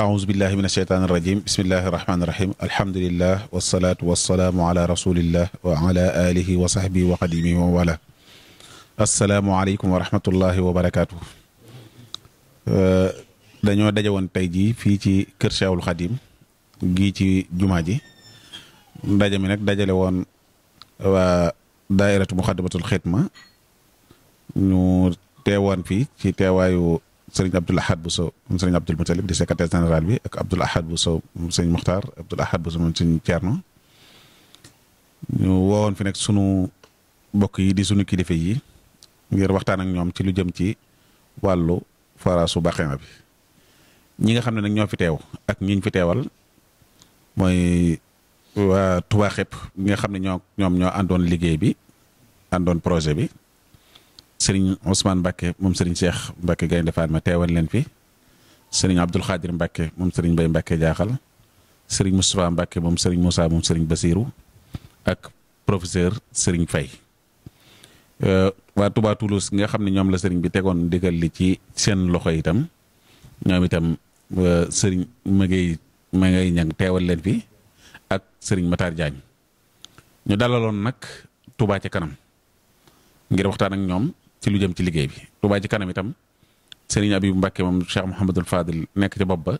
ahousubillahi min asheytaan irajim bismillahi irahmani irahim alhamdulilah wasalaatu wasalaamu ala rasulillah wa ala alihi wa sahbi wa qadimihi wa wala asalaamualeykum wa rahmatullahi wa barakatuh uh, dañoo daje woon tey jii fii ci kër Cheikhul Khadim gii ci jumaa ji ndaje mi nag dajale woon waa daairatu muxadamatul xidma ñu teewoon fii ci teewaayu sëriñ Abdoul bu Bousso moom sëriñ Abdoul Moutalib di secrétaire général bi ak bu Ahad Bousso moom sëriñ Muxtaar Abdoul Ahad Bousso moom sëriñ Thierno ñu woowoon fi nag sunu mbokk yi di sunu kilifa yi ngir waxtaan ak ñoom ci lu jëm ci wàllu forage su Baxeema bi ñi nga xam ne nag ñoo fi teew ak ñiñ fi teewal mooy waa Touba xëpp nga xam ne ñoo ñoom ñoo àndoon liggéey bi andoon projet bi. sëriñ Ousmane Mbacke moom sëriñ Cheikh Mbacke Gaynde Fatma teewal leen fi sëriñ Abdoul Khadir Mbacke moom sëriñ Mbaye Mbacke jaaxal sëriñ Moustapha Mbacke moom sëriñ Moussa moom sëriñ Basirou ak professeur sëriñ Faye euh, waa Touba Toulouse nga xam ne ñoom la sëriñ bi tegoon ndigal li ci seen loxo itam ñoom itam sëriñ ma ngay ma ngay ñang teewal leen fi ak sëriñ Matar Diagne ñu dalaloon nag Touba ci kanam ngir waxtaan ak ñoom. ci lu jëm ci liggéey bi Touba ci kanam itam Serigne Abibou Mbacke moom Cheikh Mouhamadul Fadil nekk ci bopp ba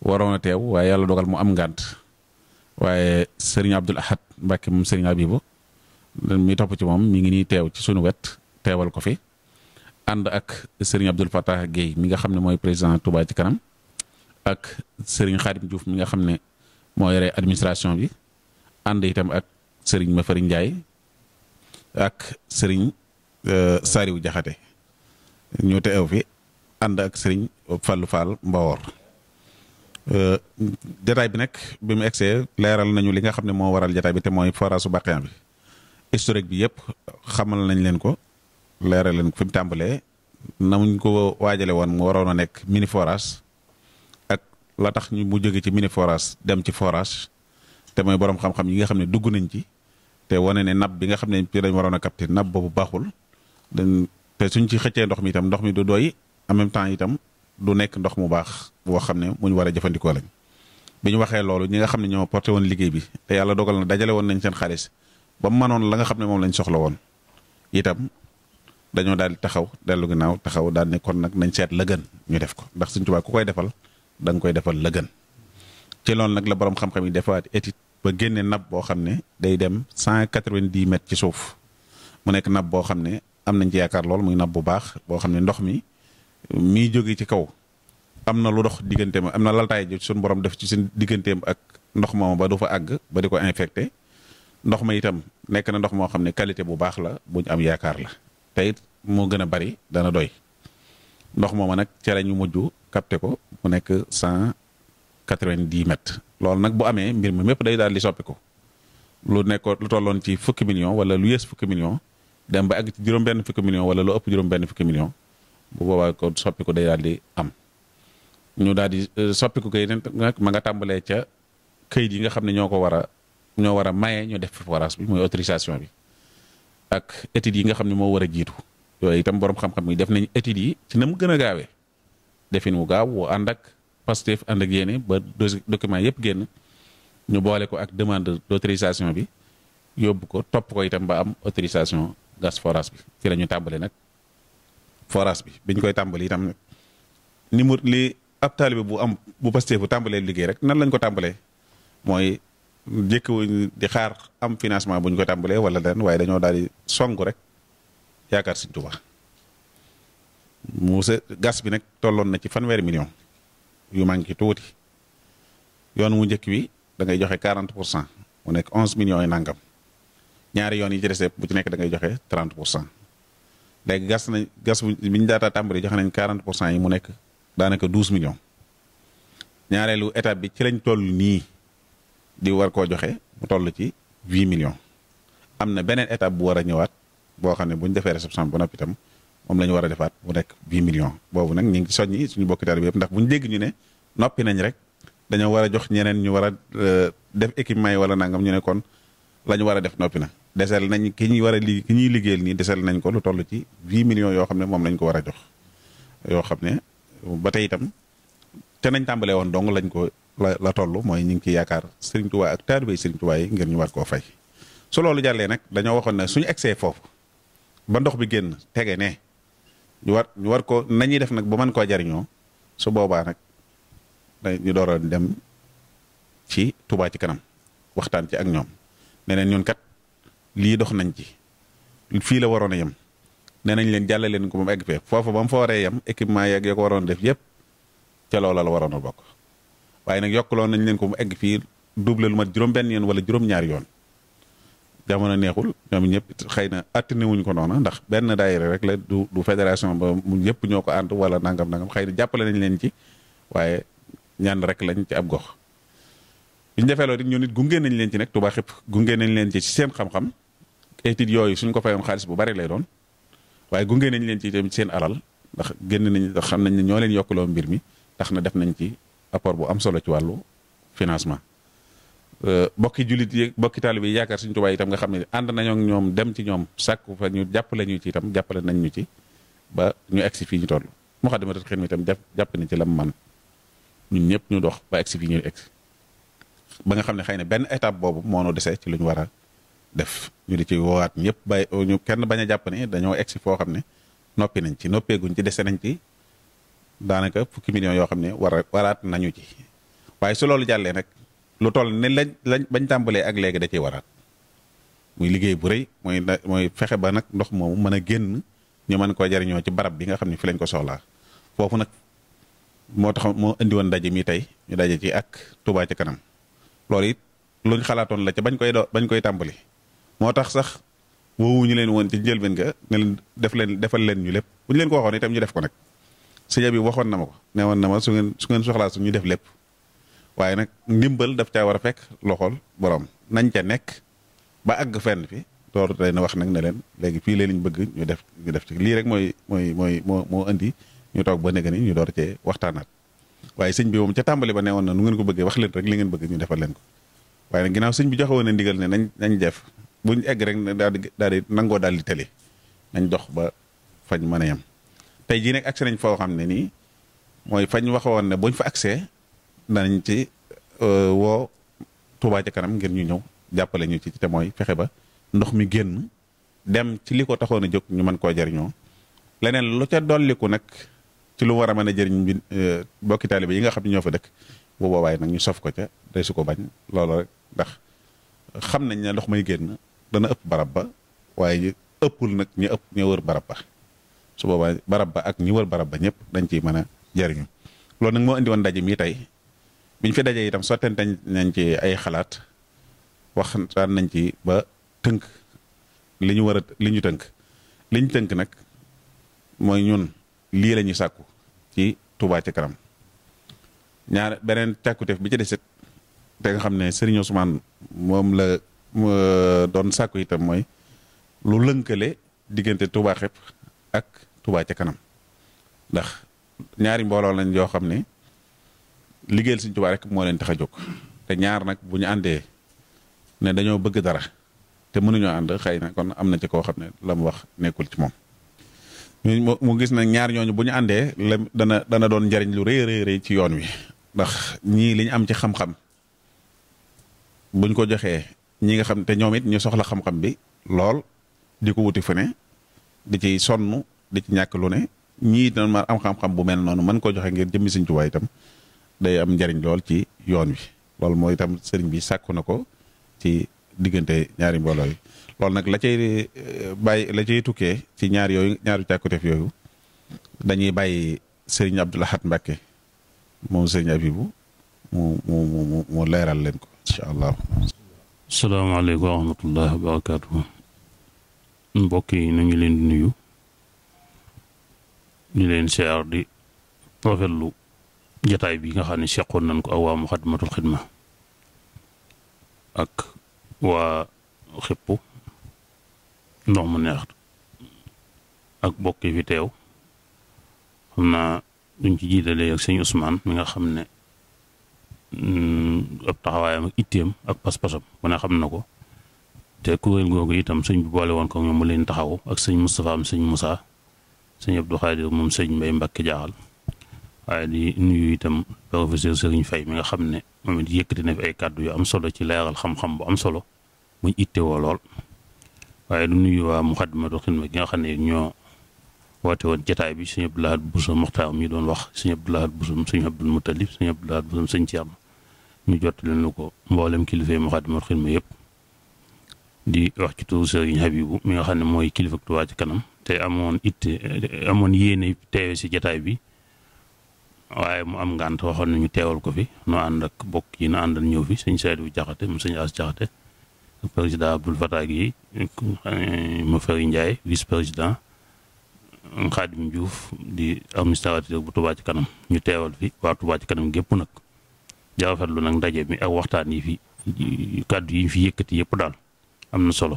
waroon a teew waaye yàlla dogal mu am ngànt waaye Serigne Abdoul Ahad Mbacke moom Serigne Abibou mi topp ci moom mi ngi nii teew ci sunu wet teewal ko fi ànd ak Serigne Abdoul mi nga xam ne mooy président Touba ci kanam ak Serigne Khadim Diouf mi nga xam ne moo yore administration bi ànd itam ak sëriñ Serigne Mafari Ndiaye ak sëriñ Euh, Sariw Jaxate ñu teew fi ànd ak sëriñ Fallou Fall Mbawor euh, jataay bi nag bi mu egsee leeral nañu li nga xam ne moo waral jataay bi te mooy forage su Bakhien bi historique bi yëpp xamal nañ leen ko leeral leen ko fi mu tàmbalee namuñ ko waajale woon mu waroon a nekk mini forage ak la tax ñu mu jóge ci mini forage dem ci forage te mooy boroom xam-xam yi nga xam ne dugg nañ ci te wane ne nab bi nga xam ne ci dañ waroon a capté nab boobu baaxul dañ te suñ ci xëccee ndox mi itam ndox mi du doy en même temps itam du nekk ndox mu baax boo xam ne muñ war a jëfandikoo lañ bi ñu waxee loolu ñi nga xam ne ñoo porté woon liggéey bi te yàlla dogal na dajale woon nañ seen xaalis ba mu manoon la nga xam ne moom lañ soxla woon itam dañoo daal di taxaw dellu ginnaaw taxaw daal ne kon nag nañ seet la gën ñu def ko ndax suñ tubaab ku koy defal da nga koy defal la gën ci loolu nag la borom xam-xam yi defaat étude ba génne nab boo xam ne day dem cent quatre-vingt-dix ci suuf mu nekk nab boo xam ne am nañ ci yaakaar lool muy napp bu baax boo xam ne ndox mi miy jóge ci kaw am na lu dox digganteem am na laltaay ji suñu borom def ci seen digganteem ak ndox moom ba du fa àgg ba di ko infecté ndox ma itam nekk na ndox moo xam ne qualité bu baax la bu ñu am yaakaar la tey it moo gën a bari dana doy ndox mooma nag cere la ñu mujj capté ko mu nekk cent quatre-vingt-dix mètres loolu nag bu amee mbir mi mépp day daal di soppi ko lu nekkoon lu tolloon ci fukki million wala lu yées fukki million dem ba àgg ci juróom-benn fukki million wala lu ëpp juróom-benn bu boobaa ko soppi day daal di am ñu daal di euh, soppi ko kay nag ma nga tàmbalee ca këyit yi nga xam ne ñoo ko war a ñoo war a maye ñu def forage bi mooy autorisation bi ak études yi nga xam ne moo war a jiitu yooyu itam borom xam-xam yi def nañ études yi ci na mu gën a gaawee defin wu gaaw woo ànd ak Pastef ànd ak yéene ba document yëpp génn ñu boole ko ak demande d' autorisation bi yóbbu ko topp ko itam ba am autorisation gas forage bi ci la ñu tàmbali nag forage bi biñ koy tàmbali itam ni mu li ab taalibe bu am bu Pastef bu tàmbalee liggéey rek nan lañ ko tàmbalee mooy njëkkwuñ di xaar am financement bu koy ko tàmbalee wala leneen waaye dañoo daal di song rek yaakaar Sëñ Tuubaa mu sa gas bi nag tolloon na ci fanweeri million yu manqué tuuti yoon mu njëkk bi da ngay joxe 40 pour cent mu nekk 11 millions yi nangam ñaari yoon yi ci des bu ci nekk dangay ngay joxe 30 pour cent léegi gas nañ gas bu bi ñu daataa tàmbali joxe nañ 40 pour cent yi mu nekk daanaka 12 million ñaareelu état bi ci lañ toll nii di war koo joxe mu toll ci 8 millions. am na beneen étape bu war a ñëwaat boo xam ne bu ñu defee réception ba noppi itam moom la ñu war a defaat mu nekk 8 million boobu nag ñu ngi ci soññi suñu bokki taal bi yëpp ndax bu ñu dégg ñu ne noppi nañ rek dañoo war a jox ñeneen ñu war a euh, def équipement yi wala nangam ñu ne kon war a def noppi na. desel nañ ki ñu war a li ki ñuy liggéeyal nii desel nañ ko lu tollu ci huit millions yoo xam ne moom lañ ko war a jox yoo xam ne ba tey itam te nañ tàmbalee woon dong lañ ko la la toll mooy ñu ngi ciy yaakaar Serigne Touba ak taalibe Serigne Touba yi ngir ñu war koo fay su loolu jàllee nag dañoo waxoon ne suñu egsee foofu ba ndox bi génn tege ne war ñu war ko nañuy def nag ba mën koo jariñoo su boobaa nag ñu door a dem ci Touba ci kanam waxtaan ci ak ñoom neneen ñun kat lii dox nañ ci fii la waroon a yem nee nañ leen jàllale leen ko moom egg fee foofu ba mu fa waree yem équipement yeeg ya ko waroon def yëpp ca loola waroon a bokk waaye nag yokkuloon nañ leen ko mu egg fii double lu mat juróom-benn yoon wala juróom-ñaari yoon jamono neexul ñoom ñëpp xëy na atténué wuñ ko noona ndax benn daay rek la du du fédération ba mu ñëpp ñoo ko ànd wala nangam nangam xëy na jàppale nañ leen ci waaye ñaan rek lañ ci ab gox. bi ñu defee ñoo it ñun it nañ leen ci nag Touba Xëpp gunge nañ leen ci ci seen xam études yooyu suñ ko fayoon xaalis bu bari lay doon waaye gunge nañ leen ci seen alal ndax génn nañ ndax xam nañ ne ñoo leen yokkaloo mbir mi tax na def nañ ci apport bu am solo ci wàllu financement. Euh, bokki jullit yi bokki taalibe bi yaakaar suñ tubaay itam nga xam ne ànd nañoo ñoom dem ci ñoom sàkku fa ñu jàppale ñu ci itam jàppale nañ ñu ci ba ñu egsi fii ñu toll Moukhaddamatoul Khidma itam jàpp nañ ci lam man ñun ñëpp ñu dox ba egsi fii ñu egsi ba nga xam ne xëy na benn étape boobu moo nu desee ci lu ñu war def ñu di ci woowaat ñëpp bàyyi ñu kenn bañ a jàpp ne dañoo egsi foo xam ne noppi nañ ci noppeeguñ ci dese nañ ci daanaka fukki millions yoo xam ne war waraat nañu ci waaye su loolu jàllee nag lu toll ne lañ lañ bañ tàmbalee ak léegi da ciy waraat muy liggéey bu rëy mooy fexe ba nag ndox moomu mën a génn ñu mën koo jariñoo ci barab bi nga xam ne fi lañ ko soxlaa foofu nag moo tax moo indi woon daje mi tey ñu daje ci ak Touba ci kanam loolu it luñ xalaatoon la ca bañ koy bañ koy tàmbali moo tax sax woowu ñu leen woon ci njëlbeen ga ne leen def leen defal leen ñu lépp bu ñu leen ko waxoon itam ñu def ko nag sëñ bi waxoon na ma ko ne na ma su ngeen su ngeen soxlaa su ñu def lépp waaye nag ndimbal daf caa war a fekk loxol borom nañ ca nekk ba àgg fenn fi door tey na wax nag ne leen léegi fii leen ñu bëgg ñu def ñu def ci lii rek mooy mooy mooy moo moo indi ñu toog ba nekk ni ñu door cee waxtaanaat waaye sëñ bi moom ca tàmbali ba ne woon na nu ngeen ko bëggee wax leen rek li ngeen bëgg ñu defal leen ko waaye nag ginnaaw sëñ bi joxe woon na ne nañ nañ def bu ñu egg rek daal di daal di nangoo daal di tële nañ dox ba fañ mën a yem tey jii nag accès nañ foo xam ne nii mooy fañ waxoon ne buñ fa accès danañ ci euh, woo Touba ca kanam ngir ñu ñëw jàppale ñu ci te mooy fexe ba ndox mi génn dem ci li ko taxoon a jóg ñu mën koo jariñoo leneen lu ca dolliku nag ci lu war a mën a jëriñ bi euh, bokki taalibe yi nga xam ne ñoo fa dëkk bu waaye nag ñu sof ko ca day su ko bañ loolu rek ndax xam nañ ne ndox may génn dana ëpp barab ba waaye ëppul nag ñu ëpp ñu wër barab ba su boobaa barab ba ak ñi wër barab ba ñëpp dañ ciy mën a jariñu loolu nag moo indi woon ndaje mi tey biñ fi dajee itam sottante nañ ci ay xalaat waxtaan nañ ci ba tënk li ñu war a li ñu tënk li tënk nag mooy ñun lii la ñuy sàkku ci Touba ci kanam ñaar beneen càkkuteef bi ci desit te nga xam ne Serigne Ousmane moom la Euh, doon sàkku itam mooy lu lënkale diggante Touba xepp ak Touba ca kanam ndax ñaari mbooloo lañ yoo xam ne liggéeyal Sëñ Touba rek moo leen tax a jóg te ñaar nag bu ñu àndee ne dañoo bëgg dara te mënuñoo ànd xëy na kon am na ci koo xam ne la mu wax nekkul ci moom. mu gis na ñaar ñooñu bu àndee la dana dana doon njariñ lu rëy rëy rëy ci yoon wi ndax ñii li am ci xam-xam buñ ko joxee ñi nga xam te ñoom it ñu soxla xam-xam bi lool di ko wuti fu ne di ci sonn di ci ñàkk lu ne ñii dina ma am xam-xam bu mel noonu mën koo joxe ngir jëmmi Sëriñ Tuubaa itam day am njariñ lool ci yoon wi lool mooy itam sëriñ bi sàkku na ko ci diggante ñaari mbooloo yi loolu nag la cay eh, bàyyi la cay tukkee ci ñaar yooyu ñaari càkkuteef yooyu dañuy bàyyi sëriñ Abdoul Ahad Mbacke moom sëriñ Abibu mu mu mu mu leeral leen ko incha allah. salaamaaleykum wa rahmatullahi wa barakaatu mbokk yi ñu ngi leen di nuyu ñu leen siyaar di rafetlu jataay bi nga xam ne seqoon nañ ko ak waa Muxaddamatul Xidma ak waa xipp ndox mu neex ak bokk yi fi teew xam naa duñ ci jiitalee ak sëñ Ousmane mi nga xam ne Mm, ab taxawaayam ak itteem ak pas-pasam mu xam na ko te kuréel googu itam sëñ bi boole woon ko ñoom mu leen taxaw ak sëñ Moustapha am sëñ Moussa sëñ Abdou Khadir moom sëñ Mbaye Mbacke jaaxal waaye di nuyu itam professeur Serigne Faye mi nga xam ne moom it yëkkati na ay kàddu yu am solo ci leeral xam-xam bu am solo buñ ittewoo lool waaye du nuyu waa ma Moukhaddamatoul ma gi nga xam ne ñoo woote woon jataay bi sëñ Abdoul Ahad Bousso Mokhtar mi doon wax sëñ Abdoul Ahad Bousso sëñ Abdoul Moutalib sëñ Abdoul Ahad Bousso sëñ Thierno ñu jot leen lu ko mboolem kilifa yi Moukhaddamatoul Khidma yëpp di wax ci turu Serigne Habibou mi nga xam ne mooy kilifa Touba ci kanam te amoon it amoon yéene teewe si jataay bi waaye mu am ngànt waxoon nañu teewal ko fi nu ànd ak bokk yi nu àndal ñëw fi sëñ Seydou Diakhaté mu sëñ As Diakhaté président Abdoul Fattah yi mu Fary Ndiaye vice président Khadim Diouf di administrateur bu Touba ci kanam ñu teewal fi waa Touba kanam gépp nag di rafetlu nag ndaje mi ak waxtaan yi fi kàddu yi fi yëkkati yëpp daal am na solo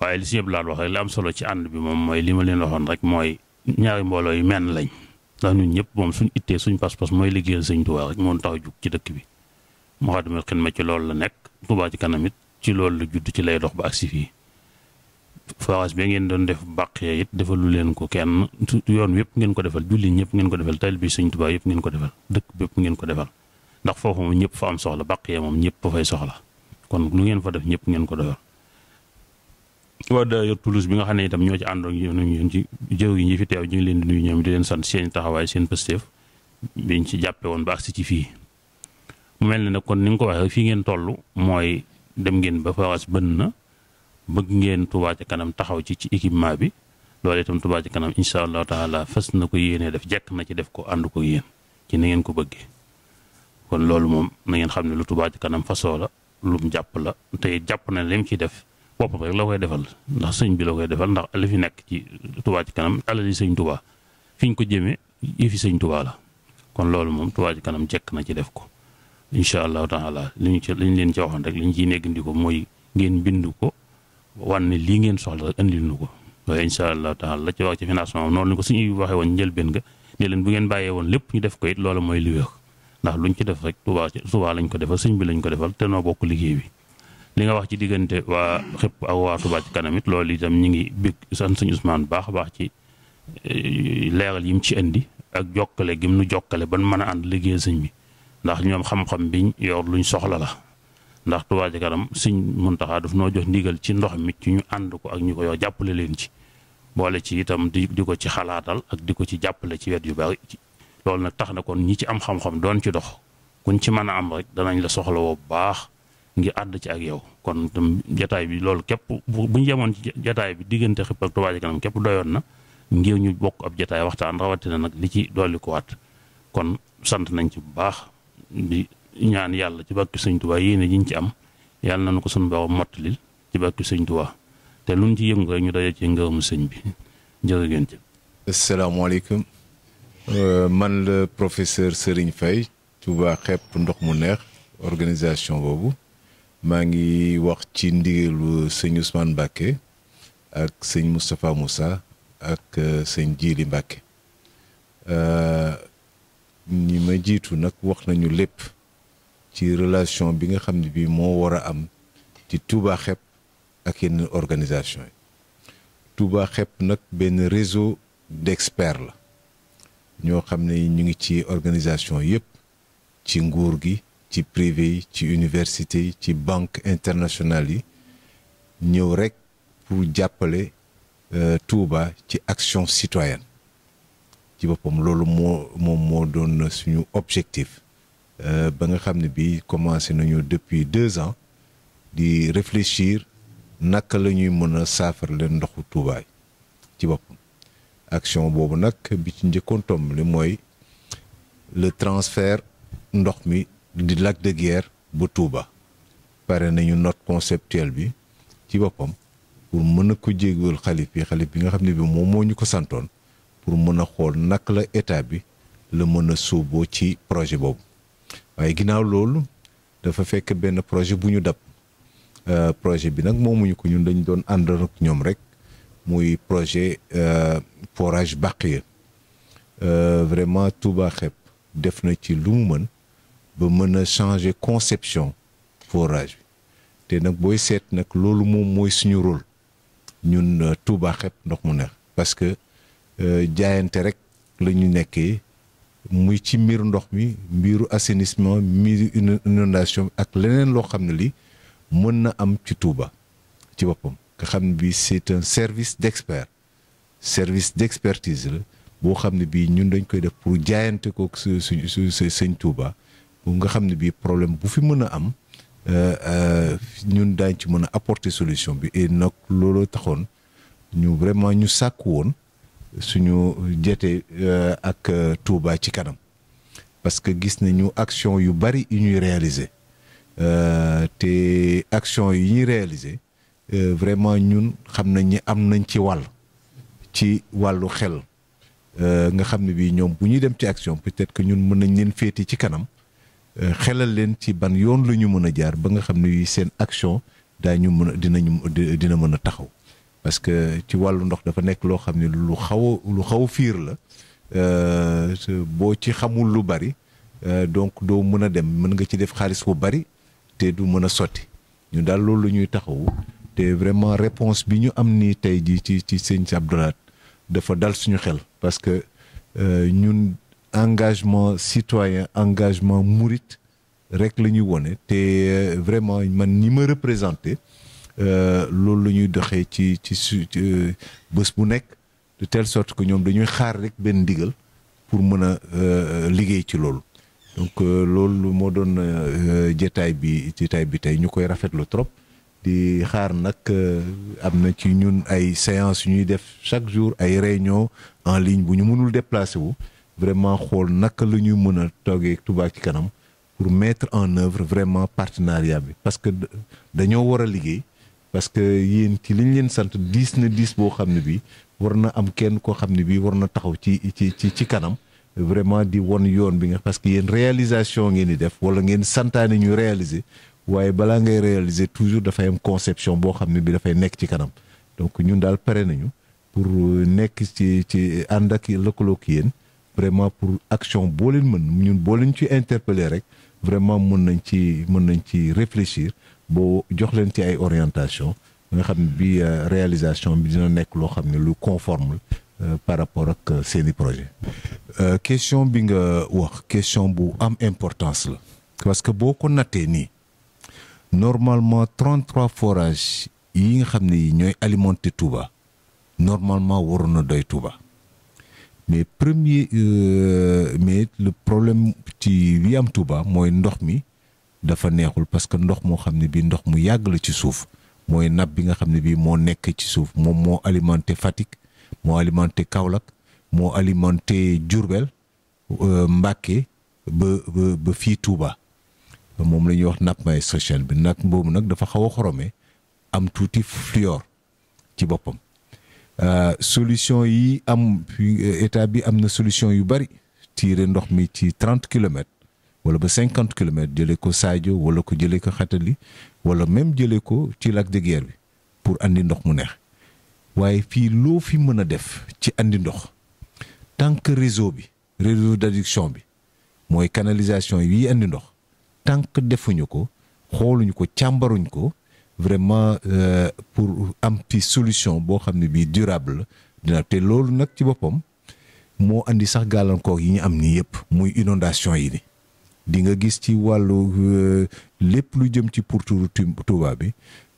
waaye li si yëpp laal wax rek li am solo ci ànd bi moom mooy li ma leen waxoon rek mooy ñaari mbooloo yu menn lañ ndax ñun ñëpp moom suñ ittee suñ pas-pas mooy liggéeyal sëñ Tuubaa rek moo tax a jug ci dëkk bi Moukhaddamatoul Khidma ci loolu la nekk Tuubaa ci kanam it ci loolu la judd ci lay dox ba ak si fii forage bi ngeen doon def bàq it defalu leen ko kenn yoon yëpp ngeen ko defal julli ñëpp ngeen ko defal taalibe bi sëñ Tuubaa yëpp ngeen ko defal dëkk bépp ngeen ko defal ndax foofu moom ñëpp fa am soxla baqiya moom ñëpp fay soxla kon lu ngeen fa def ñëpp ngeen ko doyal waa d'ailleurs Toulouse bi nga xam ne itam ñoo ci ànd ak ñun ci jëw yi ñi fi teew leen di ñoom di leen sant seen taxawaay seen pësteef biñ ci jàppe woon ba agsi ci fii mu mel ne nag kon ni nga ko waxee fii ngeen tollu mooy dem ngeen ba Fawas bën na bëgg ngeen Touba Ca Kanam taxaw ci ci équipement bi loolu itam Touba Ca Kanam incha allahu taala fas na ko yéenee def jekk na ci def ko ànd ko yéen ci ni ngeen ko bëggee kon loolu moom na ngeen xam ne lu Touba Ca Kanam fasoo la lum jàpp la te jàpp na lim ciy def boppam rek la koy defal ndax sëñ bi la koy defal ndax li fi nekk ci Touba Kanam alali sëñ Touba fi ñu ko jëmee yëfi sëñ Touba la kon loolu moom Touba Kanam jekk na ci def ko incha allahu taala li ñu ci li leen ci waxoon rek li ñu ciy néegandi ko mooy ngeen bind ko wan lii ngeen soxla rek andil nu ko waaye incha allahu taala la ci wax noonu la ko suñuy waxee woon njëlbeen nga ne leen bu ngeen bàyyee woon lépp ñu def ko it loolu mooy li ndax luñ ci def rek Tuubaa Tuubaa lañ ko defal sëñ bi lañ ko defal te noo bokk liggéey bi li nga wax ci diggante waa xëpp a waa Tuubaa ci kanam it loolu itam ñu ngi bég sant sëñ Ousmane baax a baax ci eh, leeral yi mu ci indi ak jokkale gi mu nu jokkale ban mën a ànd liggéey sëñ bi ndax ñoom xam-xam biñ yor luñ soxla la ndax Tuubaa ci kanam sëñ Muntaxa daf noo jox ndigal ci ndox mi ci ñu ànd ko ak ñu ko yor jàppale leen ci boole ci itam di di ko ci xalaatal ak di ko ci jàppale ci wet yu bari loolu nag tax na kon ñi ci am xam-xam doon ci dox kuñ ci mën a am rek danañ la soxla woo bu baax ngi àdd ci ak yow kon tam jataay bi loolu képp buñ yemoon ci jataay bi diggante Xipp ak Touba Kanam képp doyoon na ngir ñu bokk ab jataay waxtaan rawatina nag li ci dolli ko waat kon sant nañ ci bu baax di ñaan yàlla ci bàkki sëñ Tuubaa yéene jiñ ci am yàlla nañu ko suñu borom mottalil ci bàkki sëñ Tuubaa te luñ ci yëngu rek ñu daje ci ngërëmu sëñ bi jërë ngeen jëf asalaamaaleykum Euh, man la professeur Serigne Faye Touba xepp ndox mu neex organisation boobu maa ngi wax ci ndigalu sëñ Ousmane Mbacké ak sëñ Moustapha Moussa ak euh, sëñ Djili Mbacké euh, ñi ma jiitu nag wax nañu lépp ci relation bi nga xam ne bii moo war a am ci Touba xepp ak yenn organisation yi Touba xepp nag benn réseau d'experts la ñoo xam ne ñu ngi ci organisation yépp ci nguur gi ci privé yi ci université yi ci banque internationale yi ñëw rekk pour jàppale euh, Touba ci action citoyenne ci boppam loolu moo moom moo doon suñu objectif euh, ba nga xam ne bi commencé nañu depuis deux ans di réfléchir naka la ñuy mën a saafara leen ndoxu Touba ci bopp action boobu nag bi ci njëkkoon tomb li mooy le transfert ndox mi di lac de Guiers ba Touba pare nañu note conceptuelle bi ci boppam pour mën na ko jégal xalif bi xalif bi nga xam ne bi moom moo ñu ko santoon pour mën a xool naka la état bi la mën a suuboo ci projet boobu waaye ginnaaw loolu dafa fekk benn projet bu ñu dab euh, projet bi nag moomuñu ko ñun dañu doon àndal ak ñoom rek muy projet euh, forage Baqiya euh, vraiment Touba Xepp def na ci lu mu mën ba mën a changer conception forage te nag booy seet nag loolu moom mooy suñu rôle ñun euh, Touba Xepp ndox mu neex parce que jaayante rek la ñu nekkee muy ci miir ndox mi mbiru assainissement mbiru inondation ak leneen loo xam ne li mën na am ci Touba ci boppam nga xam ne bii c'est un service d'expert service d'expertise la boo xam ne bii ñun dañ koy def pour jaayante ko su suñ su sëñ Touba bu nga xam ne bii problème bu fi mën a am euh, euh, ñun daañ ci mën a apporter solution bi et nag looloo taxoon ñu vraiment ñu sàkk woon suñu jete euh, ak Touba ci kanam parce que gis nañu action yu bari yu ñuy réaliser te action yi ñuy réaliser Euh, vraiment ñun xam nañ ni am nañ ci wàll ci wàllu xel euh, nga xam ne bii ñoom bu ñuy dem ci action peut-être que ñun mën nañ leen féeti ci kanam euh, xelal leen ci ban yoon lu ñu mën a jaar ba nga xam ni bii seen action daañu mën a dinañu dina mën a taxaw parce que ci wàllu ndox dafa nekk loo xam ne lu xaw lu xaw fiir la boo ci xamul lu bari donc doo mën a dem mën nga ci def xaalis bu bari te du mën a sotti ñu daal loolu la ñuy taxawu te vraiment réponse bi ñu am nii tey jii ci ci sëñ Abdoulaye dafa dal suñu xel parce que euh, ñun engagement citoyen engagement murit rek la ñuy wone te euh, vraiment man ñi ma représenté euh, loolu la ñuy doxee ci ci su bés bu nekk de telle sorte que ñoom dañuy xaar rek benn ndigal pour mën a liggéey ci loolu donc loolu moo doon jetaay bi jetaay bi tey ñu koy rafetlu trop di xaar nag euh, am na ci ñun ay séance yu ñuy def chaque jour ay réunion en ligne bu ñu mënul déplacer wu vraiment xool naka la ñuy mën a toogee Touba ci kanam pour mettre en œuvre vraiment partenariat bi parce que dañoo war a liggéey parce que yéen ci liñ leen sant diis na diis boo xam ne bi war na am kenn koo xam ne bi war na taxaw ci ci ci ci kanam vraiment di won yoon bi nga parce que yéen réalisation ngeen di def wala ngeen santaane ñu réaliser waaye balaa ngay réaliser toujours dafay am conception boo xam ne bi dafay nekk ci kanam donc ñun daal pare nañu pour euh, nekk ci ci ànd ak lëkkaloo ki yéen vraiment pour action boo leen mën ñun boo ci interpeller rek vraiment mën nañ ci mën nañ ci réfléchir boo jox leen ci ay orientation nga xam ne bi euh, réalisation bi dina nekk loo xam ne lu conforme euh, par rapport ak seeni projet question bi nga wax question bu am importance la parce que boo ko nattee nii normalement 33 forages yi nga xam ni ñooy alimenter Touba normalement waroon na doy Touba mais premier euh, mais le problème ci bi am Touba mooy ndox mi dafa neexul parce que ndox moo xam ne bii ndox mu yàgg la ci suuf mooy nab bi nga xam ne bii moo nekk ci suuf moom moo alimenté Fatick moo alimenté Kaolack moo alimenté Diourbel euh, Mbacke ba ba ba fii Touba moom la ñuy wax nappe maïs bi nappe boobu nag dafa xaw a xorome am tuuti fluor ci boppam euh, solution yi am euh, état bi am na solution yu bari tiire ndox mi ci trente kilomètres wala ba cinquante kilomètres jëlee ko Sadio wala ko jëlee ko Xatali wala même jëlee ko ci lac de bi pour andi ndox mu neex waaye fii loo fi mën a def ci indi ndox tant que réseau bi réseau d'adduction bi mooy canalisation yi andi ndox. tant que defuñu ko xooluñu ko càmbaruñ ko vraiment euh, pour am fi solution boo xam ne bii durable dina te loolu nag ci boppam moo indi sax gàllankoor yi ñu am nii yëpp muy inondation yi ni di nga gis ci wàllu euh, lépp lu jëm ci pourtour Touba bi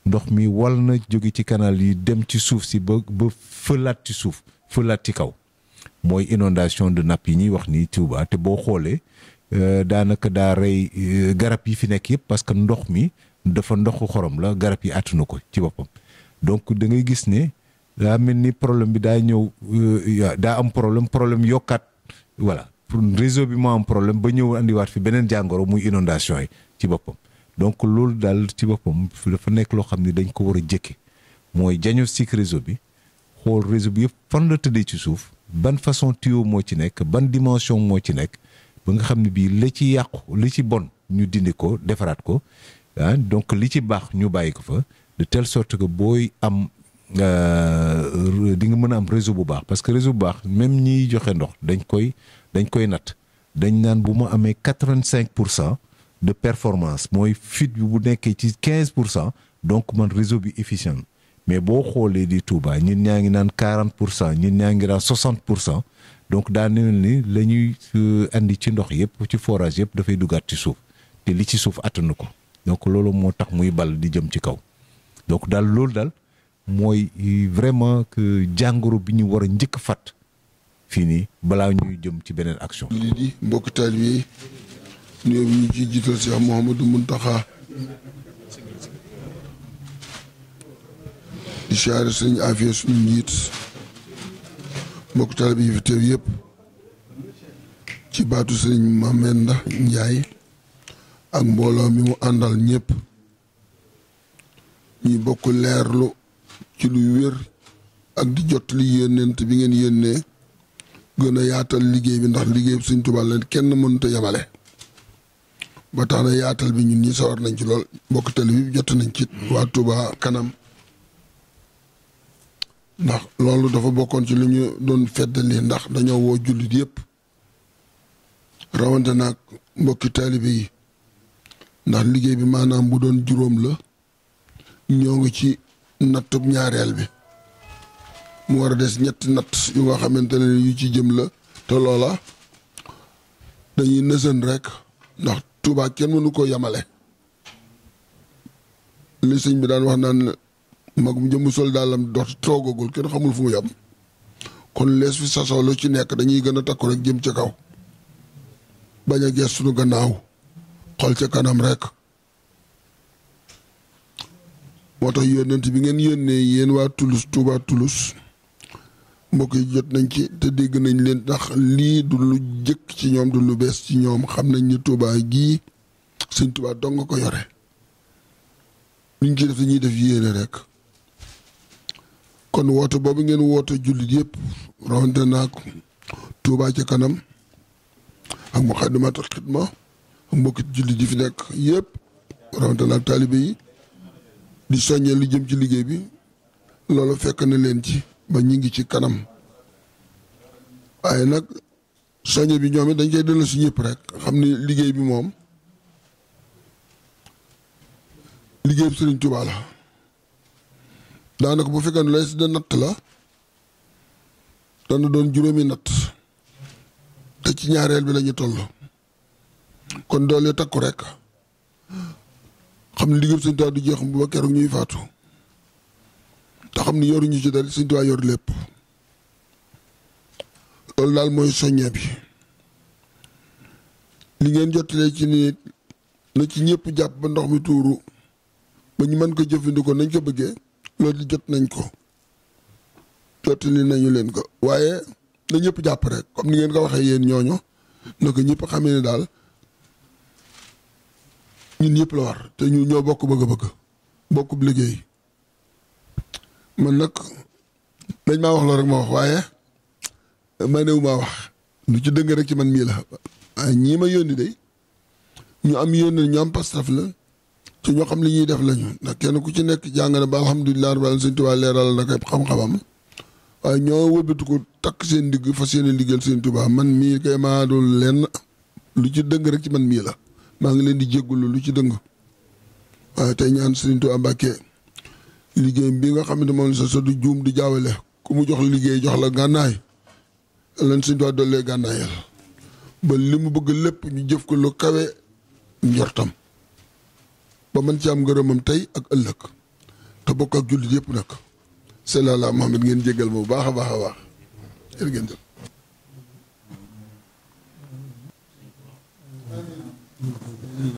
ndox mi wal na jóge ci canal yi dem ci suuf si ba fëlaat ci suuf fëlaat ci kaw mooy inondation de nappe yi ñuy wax nii Touba te boo xoolee Euh, daanaka daa rey euh, garab yi fi nekk yëpp parce que ndox mi dafa ndoxu xorom la garab yi àttanu ko ci boppam donc da ngay gis ne daa mel ni problème bi daa ñëw euh, daa am problème problème yokkaat voilà pour réseau bi moo am problème ba ñëw andiwaat fi beneen jàngoro muy inondation yi ci boppam donc loolu daal ci boppam dafa nekk loo xam ne dañ ko war a jëkke mooy diagnostic réseau bi xool réseau bi yëpp fan la tëddee ci suuf ban façon tuyau moo ci nekk ban dimension moo ci nekk ba nga xam ne bii la ci yàqu li ci bon ñu dindi ko defaraat ko ah donc li ci baax ñu bàyyi ko fa de telle sorte que booy am euh, di nga mën a am réseau bu baax parce que réseau bu baax même ñi joxe ndox dañ koy dañ koy natt dañ naan bu ma amee quatre vingt cinq pour cent de performance mooy fit bi bu nekkee ci quinze pour cent donc man réseau bi efficient mais boo xoolee di Touba ñun ñaa ngi naan quarante pour cent ñun ñaa ngi naan pour cent donc daa ne ni la ñuy euh, andi ci ndox yëpp ci forage yëpp dafay duggaat ci suuf te li ci suuf attanu ko donc loolu moo tax muy bal di jëm ci kaw donc daal loolu daal mooy vraiment jàngoro bi ñu war a njëkk fat fii nii balaa ñuy jëm ci beneen action. lii di mbokk taalibe yi nuyoo bi ñu ciy jiital Cheikh Mouhamadou Mountakha di siyaare sëñ Afia suñu njiit. mbokk taalibe yi fi teew yëpp ci baatu sëriñ Mamenda Njaay ak mbooloo mi mu àndal ñëpp ñuy bokk leerlu ci luy wér ak di jot li yéenent bi ngeen yénnee gën a yaatal liggéey bi ndax liggéey bi Sëriñ Tuubaa leen kenn mënut yamale yemale ba tax na yaatal bi ñun ñi sawar nañ ci lool mbokk taalibe yi jot nañ ci waa Tuubaa kanam ndax loolu dafa bokkoon ci lu ñu doon feddali ndax dañoo woo jullit yépp rawante nag mbokki taalibe yi ndax liggéey bi maanaam bu doon juróom la ñoo ngi ci nattub ñaareel bi mu war a des ñetti natt yu nga xamante ne yu ci jëm la te loola dañuy nësën rekk ndax Tuubaa kenn mënu koo yamale li sëñ bi daan wax naan mag mu jëmm sol daalam dox toogagul kenn xamul fu mu yem kon lees fi sasoo lu ci nekk dañuy gën a takku rek jëm ca kaw bañ a gees suñu gannaaw xool ca kanam rekk moo tax yónnent bi ngeen yónnee yéen waa Tulus tuubaa Tulus mbokk yi jot nañ ci te dégg nañ leen ndax lii du lu jëkk ci ñoom du lu bees ci ñoom xam nañ ni Touba gii Sëñ Touba dong ko yore luñ ci def dañuy def yéene rek. kon woote boobu ngeen woote jullit yëpp rawante naag tuubaa ca kanam ak Moukhaddamatoul Khidma ak mbokki jullit yi fi nekk yëpp rawante naag taalibe yi di soññee lu jëm ci liggéey bi loolu fekk na leen ci ba ñu ngi ci kanam waaye nag soññe bi ñoom dañ koy delloo si ñëpp rek xam ni liggéey bi moom liggéey bi Sëriñ Touba la. daanaka bu fekkee ne lay si de natt la dana doon juróomi natt te ci ñaareel bi lañu toll kon doole takku rekk xam ne liggéey Sëñ Tuubaa du jeex bu ba keroog ñuy faatu te xam ne yoruñu ci dara Sëñ Tuubaa lépp loolu daal mooy soññee bi li ngeen jottalee ci nit na ci ñëpp jàpp ba ndox mi tuuru ba ñu mën ko jëfandikoo nañ ko bëggee loolu jot nañ ko jottali nañu leen ko waaye na ñëpp jàpp rek comme ni ngeen ko waxee yéen ñooñu na ko ñëpp xamee ne daal ñun ñëpp la war te ñoo bokk bëgg-bëgg bokkub liggéey man nag dañ maa wax loolu rek ma wax waaye ma néew maa wax lu ci dëng rek ci man mii la ñii ma yónni de ñu am yónni ñu am pastaf la. te ñoo xam li ñuy def lañu ndax kenn ku ci nekk jàng na ba alhamdulilah rabbil alamin sëñ Tuubaa leeral na koy xam-xamam waaye ñoo wëlbatu ko takk seen digg fas yéene liggéeyal sëñ Tuubaa man mii kay maa dul lenn lu ci dëng rek ci man mii la maa ngi leen di jéggulu lu ci dëng waaye tey ñaan sëñ Tuubaa Mbàkke liggéey bi nga xam ne moom la sa sa du juum di jaawale ku mu jox liggéey jox la gànnaay lan sëñ Tuubaa dollee gànnaayal ba li mu bëgg lépp ñu jëf ko lu kawe njortam ba mën ci am ngërëmam tey ak ëllëg te bokk ak jullit yëpp nag salla la Muhammad ngeen jégal ma bu baax a baax a baax jërë ngeen jëf